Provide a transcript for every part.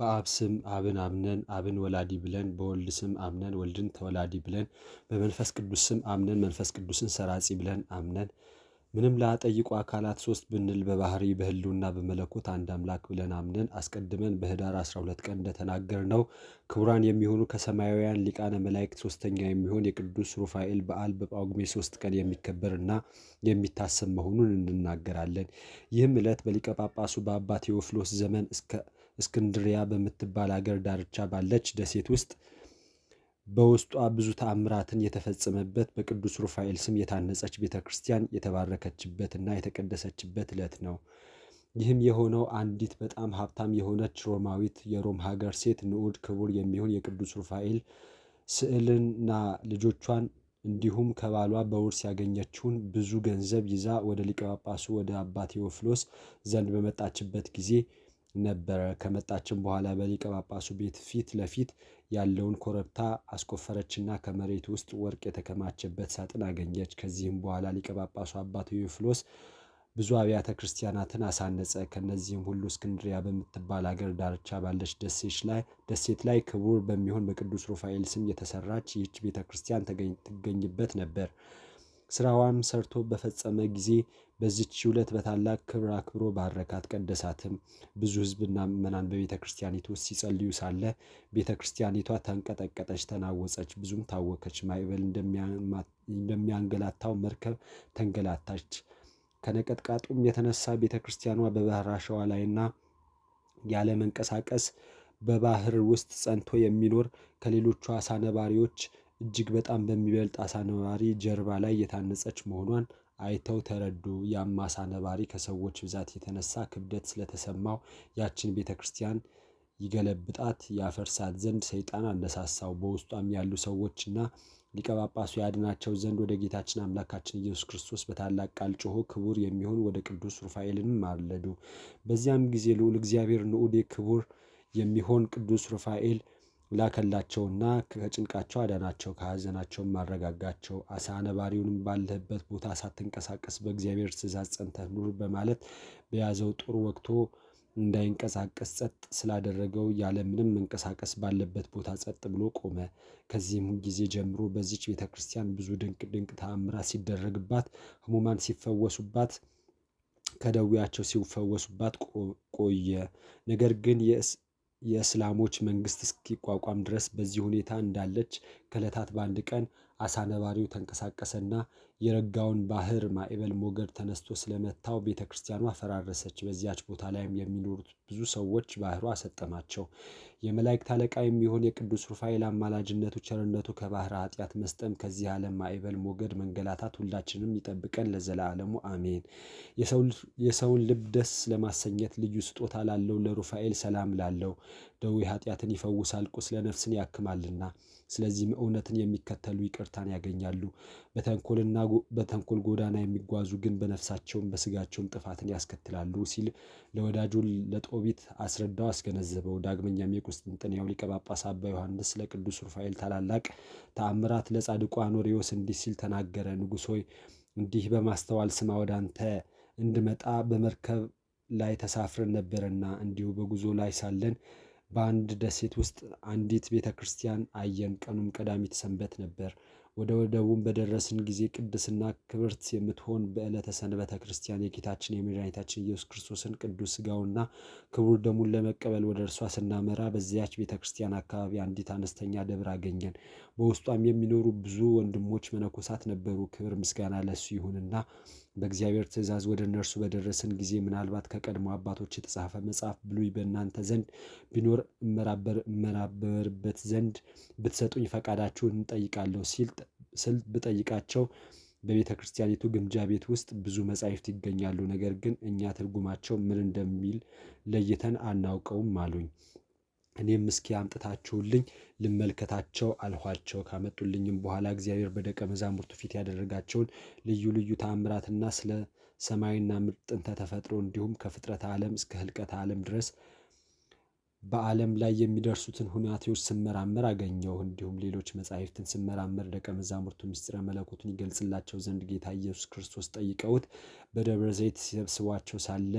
በአብ ስም አብን አምነን አብን ወላዲ ብለን በወልድ ስም አምነን ወልድን ተወላዲ ብለን በመንፈስ ቅዱስ ስም አምነን መንፈስ ቅዱስን ሰራጺ ብለን አምነን ምንም ላጠይቁ አካላት ሶስት ብንል በባህሪ በህልውና በመለኮት አንድ አምላክ ብለን አምነን አስቀድመን በህዳር 12 ቀን እንደተናገር ነው ክቡራን የሚሆኑ ከሰማያውያን ሊቃነ መላእክት ሶስተኛ የሚሆን የቅዱስ ሩፋኤል በዓል በጳጉሜ ሶስት ቀን የሚከበርና የሚታሰብ መሆኑን እንናገራለን። ይህም ዕለት በሊቀ ጳጳሱ በአባ ቴዎፍሎስ ዘመን እስከ እስክንድሪያ በምትባል አገር ዳርቻ ባለች ደሴት ውስጥ በውስጧ ብዙ ተአምራትን የተፈጸመበት በቅዱስ ሩፋኤል ስም የታነጸች ቤተ ክርስቲያን የተባረከችበትና የተቀደሰችበት ዕለት ነው። ይህም የሆነው አንዲት በጣም ሀብታም የሆነች ሮማዊት የሮም ሀገር ሴት ንዑድ ክቡር የሚሆን የቅዱስ ሩፋኤል ስዕልና ልጆቿን እንዲሁም ከባሏ በውርስ ያገኘችውን ብዙ ገንዘብ ይዛ ወደ ሊቀ ጳጳሱ ወደ አባ ቴዎፍሎስ ዘንድ በመጣችበት ጊዜ ነበረ። ከመጣችን በኋላ በሊቀ ጳጳሱ ቤት ፊት ለፊት ያለውን ኮረብታ አስቆፈረችና ከመሬት ውስጥ ወርቅ የተከማቸበት ሳጥን አገኘች። ከዚህም በኋላ ሊቀ ጳጳሱ አባ ቴዎፍሎስ ብዙ አብያተ ክርስቲያናትን አሳነጸ። ከነዚህም ሁሉ እስክንድሪያ በምትባል አገር ዳርቻ ባለች ደሴት ላይ ክቡር በሚሆን በቅዱስ ሩፋኤል ስም የተሰራች ይህች ቤተ ክርስቲያን ትገኝበት ነበር። ስራዋን ሰርቶ በፈጸመ ጊዜ በዚች ዕለት በታላቅ ክብር አክብሮ ባረካት ቀደሳትም። ብዙ ሕዝብና ምዕመናን በቤተ ክርስቲያኒቱ ውስጥ ሲጸልዩ ሳለ ቤተ ክርስቲያኒቷ ተንቀጠቀጠች፣ ተናወጸች፣ ብዙም ታወከች። ማዕበል እንደሚያንገላታው መርከብ ተንገላታች። ከነቀጥቃጡም የተነሳ ቤተ ክርስቲያኗ በባህር አሸዋ ላይና ያለ መንቀሳቀስ በባህር ውስጥ ጸንቶ የሚኖር ከሌሎቹ አሳ ነባሪዎች እጅግ በጣም በሚበልጥ አሳ ነባሪ ጀርባ ላይ የታነጸች መሆኗን አይተው ተረዱ። ያም አሳ ነባሪ ከሰዎች ብዛት የተነሳ ክብደት ስለተሰማው ያችን ቤተ ክርስቲያን ይገለብጣት ያፈርሳት ዘንድ ሰይጣን አነሳሳው። በውስጧም ያሉ ሰዎችና ሊቀ ጳጳሱ ያድናቸው ዘንድ ወደ ጌታችን አምላካችን ኢየሱስ ክርስቶስ በታላቅ ቃል ጮሆ ክቡር የሚሆን ወደ ቅዱስ ሩፋኤልን ማለዱ። በዚያም ጊዜ ልዑል እግዚአብሔር ንዑዴ ክቡር የሚሆን ቅዱስ ሩፋኤል ላከላቸውና ከጭንቃቸው አዳናቸው፣ ከሐዘናቸውም ማረጋጋቸው። አሳ ነባሪውንም ባለህበት ቦታ ሳትንቀሳቀስ በእግዚአብሔር ትእዛዝ ጸንተህ ኑር በማለት በያዘው ጦር ወቅቶ እንዳይንቀሳቀስ ጸጥ ስላደረገው ያለ ምንም መንቀሳቀስ ባለበት ቦታ ጸጥ ብሎ ቆመ። ከዚህም ጊዜ ጀምሮ በዚች ቤተ ክርስቲያን ብዙ ድንቅ ድንቅ ተአምራት ሲደረግባት፣ ህሙማን ሲፈወሱባት፣ ከደዌያቸው ሲፈወሱባት ቆየ። ነገር ግን የእስላሞች መንግስት እስኪቋቋም ድረስ በዚህ ሁኔታ እንዳለች ከዕለታት በአንድ ቀን አሳነባሪው ተንቀሳቀሰና የረጋውን ባህር ማዕበል ሞገድ ተነስቶ ስለመታው ቤተ ክርስቲያኗ ፈራረሰች። በዚያች ቦታ ላይም የሚኖሩት ብዙ ሰዎች ባህሩ አሰጠማቸው። የመላእክት አለቃ የሚሆን የቅዱስ ሩፋኤል አማላጅነቱ፣ ቸርነቱ ከባህር ኃጢአት መስጠም ከዚህ ዓለም ማዕበል ሞገድ መንገላታት ሁላችንም ይጠብቀን ለዘላለሙ አሜን። የሰውን ልብ ደስ ለማሰኘት ልዩ ስጦታ ላለው ለሩፋኤል ሰላም ላለው ደዌ ኃጢአትን ይፈውሳል፣ ቁስለ ነፍስን ያክማልና። ስለዚህም እውነትን የሚከተሉ ይቅርታን ያገኛሉ። በተንኮልና በተንኮል ጎዳና የሚጓዙ ግን በነፍሳቸውም በስጋቸውም ጥፋትን ያስከትላሉ ሲል ለወዳጁ ለጦቢት አስረዳው አስገነዘበው። ዳግመኛም የቁስጥንጥንያው ሊቀ ጳጳስ አባ ዮሐንስ ለቅዱስ ሩፋኤል ታላላቅ ተአምራት ለጻድቁ አኖሪዎስ እንዲህ ሲል ተናገረ። ንጉሥ ሆይ እንዲህ በማስተዋል ስማ፣ ወደ አንተ እንድመጣ በመርከብ ላይ ተሳፍረን ነበርና እንዲሁ በጉዞ ላይ ሳለን በአንድ ደሴት ውስጥ አንዲት ቤተ ክርስቲያን አየን። ቀኑም ቀዳሚት ሰንበት ነበር። ወደ ወደቡም በደረስን ጊዜ ቅድስና ክብርት የምትሆን በዕለተ ሰንበተ ክርስቲያን የጌታችን የመድኃኒታችን ኢየሱስ ክርስቶስን ቅዱስ ሥጋውና ክቡር ደሙን ለመቀበል ወደ እርሷ ስናመራ በዚያች ቤተ ክርስቲያን አካባቢ አንዲት አነስተኛ ደብር አገኘን። በውስጧም የሚኖሩ ብዙ ወንድሞች መነኮሳት ነበሩ። ክብር ምስጋና ለሱ ይሁንና በእግዚአብሔር ትእዛዝ ወደ እነርሱ በደረስን ጊዜ ምናልባት ከቀድሞ አባቶች የተጻፈ መጽሐፍ ብሉይ በእናንተ ዘንድ ቢኖር እመራበርበት ዘንድ ብትሰጡኝ ፈቃዳችሁን እንጠይቃለሁ ስል ብጠይቃቸው በቤተ ክርስቲያኒቱ ግምጃ ቤት ውስጥ ብዙ መጻሕፍት ይገኛሉ፣ ነገር ግን እኛ ትርጉማቸው ምን እንደሚል ለይተን አናውቀውም አሉኝ። እኔም እስኪ አምጥታችሁልኝ ልመልከታቸው አልኋቸው። ካመጡልኝም በኋላ እግዚአብሔር በደቀ መዛሙርቱ ፊት ያደረጋቸውን ልዩ ልዩ ታምራትና ስለ ሰማይና ምድር ጥንተ ተፈጥሮ እንዲሁም ከፍጥረት ዓለም እስከ ህልቀት ዓለም ድረስ በዓለም ላይ የሚደርሱትን ሁናቴዎች ስመራመር አገኘሁ። እንዲሁም ሌሎች መጻሕፍትን ስመራመር ደቀ መዛሙርቱ ምስጢረ መለኮቱን ይገልጽላቸው ዘንድ ጌታ ኢየሱስ ክርስቶስ ጠይቀውት በደብረ ዘይት ሲሰብስቧቸው ሳለ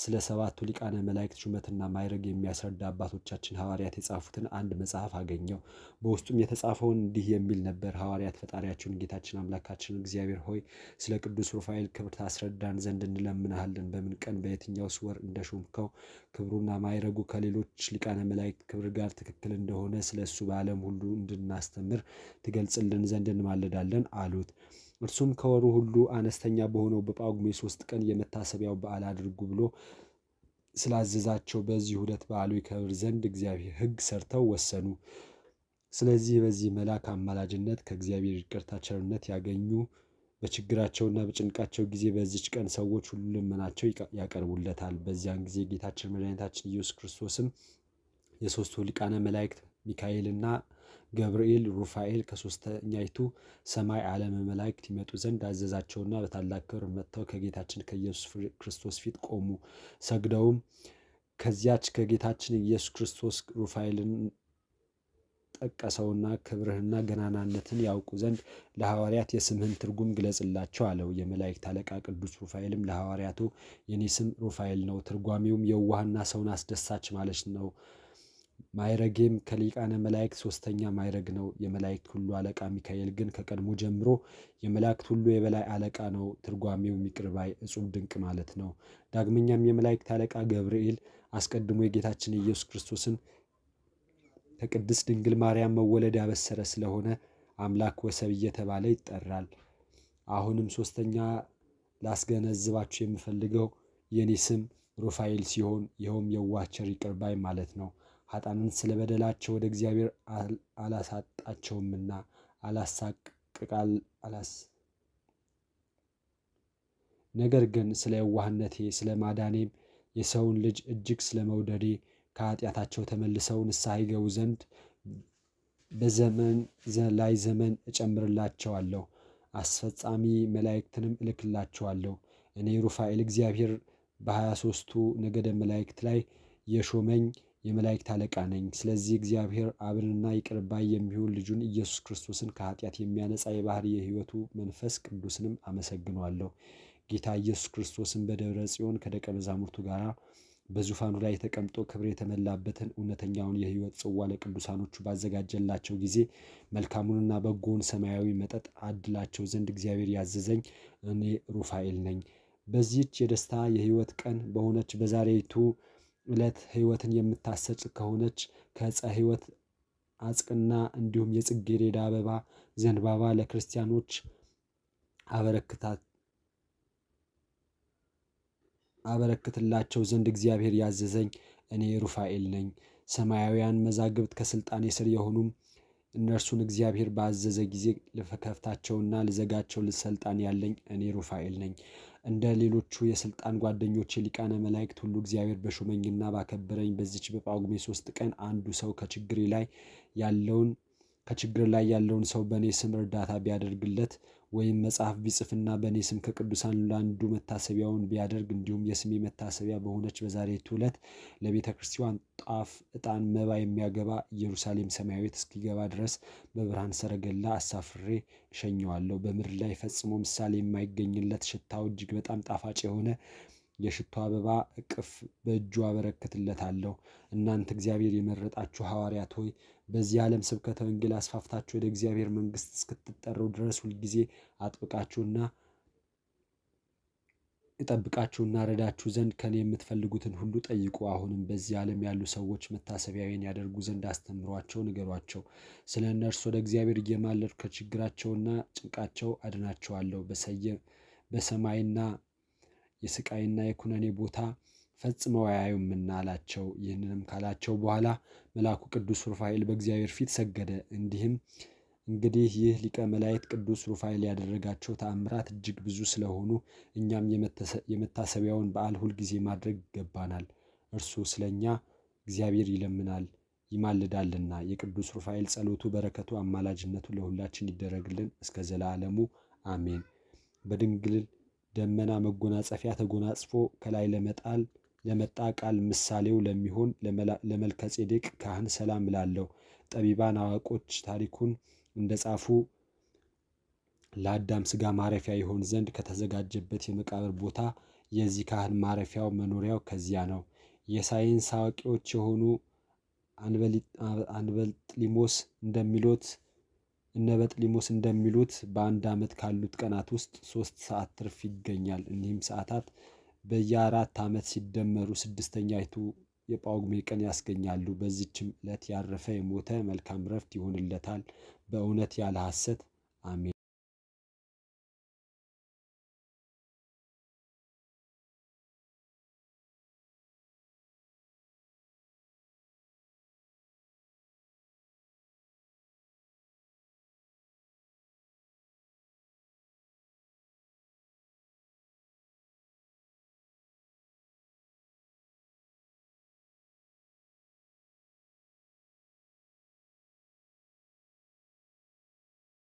ስለ ሰባቱ ሊቃነ መላእክት ሹመትና ማይረግ የሚያስረዳ አባቶቻችን ሐዋርያት የጻፉትን አንድ መጽሐፍ አገኘው። በውስጡም የተጻፈውን እንዲህ የሚል ነበር። ሐዋርያት ፈጣሪያችሁን ጌታችን አምላካችን እግዚአብሔር ሆይ ስለ ቅዱስ ሩፋኤል ክብር ታስረዳን ዘንድ እንለምናሃለን። በምን ቀን በየትኛውስ ወር እንደሾምከው ክብሩና ማይረጉ ከሌሎች ሊቃነ መላእክት ክብር ጋር ትክክል እንደሆነ ስለ እሱ በዓለም ሁሉ እንድናስተምር ትገልጽልን ዘንድ እንማልዳለን አሉት። እርሱም ከወሩ ሁሉ አነስተኛ በሆነው በጳጉሜ ሶስት ቀን የመታሰቢያው በዓል አድርጉ ብሎ ስላዘዛቸው በዚህ ሁለት በዓሉ ይከብር ዘንድ እግዚአብሔር ሕግ ሰርተው ወሰኑ። ስለዚህ በዚህ መልአክ አማላጅነት ከእግዚአብሔር ይቅርታ ቸርነት ያገኙ በችግራቸውና በጭንቃቸው ጊዜ በዚች ቀን ሰዎች ሁሉ ልመናቸው ያቀርቡለታል። በዚያን ጊዜ ጌታችን መድኃኒታችን ኢየሱስ ክርስቶስም የሦስቱ ሊቃነ መላእክት ሚካኤልና ገብርኤል፣ ሩፋኤል ከሦስተኛይቱ ሰማይ ዓለም መላእክት ይመጡ ዘንድ አዘዛቸውና በታላቅ ክብር መጥተው ከጌታችን ከኢየሱስ ክርስቶስ ፊት ቆሙ። ሰግደውም ከዚያች ከጌታችን ኢየሱስ ክርስቶስ ሩፋኤልን ጠቀሰውና ክብርህና ገናናነትን ያውቁ ዘንድ ለሐዋርያት የስምህን ትርጉም ግለጽላቸው አለው። የመላእክት አለቃ ቅዱስ ሩፋኤልም ለሐዋርያቱ የኔ ስም ሩፋኤል ነው፣ ትርጓሜውም የዋህና ሰውን አስደሳች ማለት ነው ማይረጌም ከሊቃነ መላእክት ሶስተኛ ማይረግ ነው። የመላእክት ሁሉ አለቃ ሚካኤል ግን ከቀድሞ ጀምሮ የመላእክት ሁሉ የበላይ አለቃ ነው። ትርጓሜው ሚቅርባይ ባይ እጹብ ድንቅ ማለት ነው። ዳግመኛም የመላእክት አለቃ ገብርኤል አስቀድሞ የጌታችን ኢየሱስ ክርስቶስን ከቅድስት ድንግል ማርያም መወለድ ያበሰረ ስለሆነ አምላክ ወሰብ እየተባለ ይጠራል። አሁንም ሶስተኛ ላስገነዝባችሁ የምፈልገው የኔ ስም ሩፋኤል ሲሆን ይኸውም የዋቸር ይቅርባይ ማለት ነው። ኃጣንን ስለ በደላቸው ወደ እግዚአብሔር አላሳጣቸውምና አላሳቅቃል አላስ ነገር ግን ስለ የዋህነቴ ስለ ማዳኔም የሰውን ልጅ እጅግ ስለ መውደዴ ከኃጢአታቸው ተመልሰው ንስሐ ይገቡ ዘንድ በዘመን ላይ ዘመን እጨምርላቸዋለሁ፣ አስፈጻሚ መላእክትንም እልክላቸዋለሁ። እኔ ሩፋኤል እግዚአብሔር በሀያ ሦስቱ ነገደ መላእክት ላይ የሾመኝ የመላእክት አለቃ ነኝ። ስለዚህ እግዚአብሔር አብንና ይቅርባይ የሚሆን ልጁን ኢየሱስ ክርስቶስን ከኃጢአት የሚያነጻ የባህር የሕይወቱ መንፈስ ቅዱስንም አመሰግኗለሁ። ጌታ ኢየሱስ ክርስቶስን በደብረ ጽዮን ከደቀ መዛሙርቱ ጋር በዙፋኑ ላይ ተቀምጦ ክብር የተመላበትን እውነተኛውን የሕይወት ጽዋ ለቅዱሳኖቹ ባዘጋጀላቸው ጊዜ መልካሙንና በጎውን ሰማያዊ መጠጥ አድላቸው ዘንድ እግዚአብሔር ያዘዘኝ እኔ ሩፋኤል ነኝ። በዚህች የደስታ የሕይወት ቀን በሆነች በዛሬቱ ዕለት ሕይወትን የምታሰጭ ከሆነች ከዕፀ ሕይወት አጽቅና እንዲሁም የጽጌሬዳ አበባ ዘንባባ ለክርስቲያኖች አበረክታት አበረክትላቸው ዘንድ እግዚአብሔር ያዘዘኝ እኔ ሩፋኤል ነኝ። ሰማያውያን መዛግብት ከስልጣኔ ስር የሆኑም እነርሱን እግዚአብሔር ባዘዘ ጊዜ ልከፍታቸውና ልዘጋቸው ልሰልጣን ያለኝ እኔ ሩፋኤል ነኝ። እንደ ሌሎቹ የስልጣን ጓደኞቼ ሊቃነ መላእክት ሁሉ እግዚአብሔር በሾመኝና ባከበረኝ በዚች በጳጉሜ ሶስት ቀን አንዱ ሰው ከችግር ላይ ያለውን ከችግር ላይ ያለውን ሰው በእኔ ስም እርዳታ ቢያደርግለት ወይም መጽሐፍ ቢጽፍና በእኔ ስም ከቅዱሳን ለአንዱ መታሰቢያውን ቢያደርግ እንዲሁም የስሜ መታሰቢያ በሆነች በዛሬቱ ዕለት ለቤተ ክርስቲያን ጣፍ፣ ዕጣን፣ መባ የሚያገባ ኢየሩሳሌም ሰማያዊት እስኪገባ ድረስ በብርሃን ሰረገላ አሳፍሬ እሸኘዋለሁ። በምድር ላይ ፈጽሞ ምሳሌ የማይገኝለት ሽታው እጅግ በጣም ጣፋጭ የሆነ የሽቶ አበባ እቅፍ በእጁ አበረክትለታለሁ። እናንተ እግዚአብሔር የመረጣችሁ ሐዋርያት ሆይ በዚህ ዓለም ስብከተ ወንጌል አስፋፍታችሁ ወደ እግዚአብሔር መንግሥት እስክትጠሩ ድረስ ሁልጊዜ አጥብቃችሁና እጠብቃችሁና ረዳችሁ ዘንድ ከእኔ የምትፈልጉትን ሁሉ ጠይቁ። አሁንም በዚህ ዓለም ያሉ ሰዎች መታሰቢያዬን ያደርጉ ዘንድ አስተምሯቸው፣ ንገሯቸው። ስለ እነርሱ ወደ እግዚአብሔር እየማለድኩ ከችግራቸውና ጭንቃቸው አድናቸዋለሁ። በሰማይና የስቃይና የኩነኔ ቦታ ፈጽመው አያዩምና አላቸው። ይህንንም ካላቸው በኋላ መልአኩ ቅዱስ ሩፋኤል በእግዚአብሔር ፊት ሰገደ። እንዲህም እንግዲህ ይህ ሊቀ መላእክት ቅዱስ ሩፋኤል ያደረጋቸው ተአምራት እጅግ ብዙ ስለሆኑ እኛም የመታሰቢያውን በዓል ሁልጊዜ ማድረግ ይገባናል። እርሱ ስለኛ እግዚአብሔር ይለምናል ይማልዳልና። የቅዱስ ሩፋኤል ጸሎቱ፣ በረከቱ፣ አማላጅነቱ ለሁላችን ይደረግልን እስከ ዘላለሙ አሜን። በድንግል ደመና መጎናጸፊያ ተጎናጽፎ ከላይ ለመጣል ለመጣ ቃል ምሳሌው ለሚሆን ለመልከጼዴቅ ካህን ሰላም እላለሁ። ጠቢባን አዋቆች ታሪኩን እንደጻፉ ለአዳም ስጋ ማረፊያ ይሆን ዘንድ ከተዘጋጀበት የመቃብር ቦታ የዚህ ካህን ማረፊያው መኖሪያው ከዚያ ነው። የሳይንስ አዋቂዎች የሆኑ አንበልጥሊሞስ እንደሚሉት እነ በጥሊሞስ እንደሚሉት በአንድ ዓመት ካሉት ቀናት ውስጥ ሶስት ሰዓት ትርፍ ይገኛል። እኒህም ሰዓታት በየአራት ዓመት ሲደመሩ ስድስተኛይቱ የጳጉሜ ቀን ያስገኛሉ። በዚችም ዕለት ያረፈ የሞተ መልካም ረፍት ይሆንለታል፣ በእውነት ያለ ሐሰት አሜን።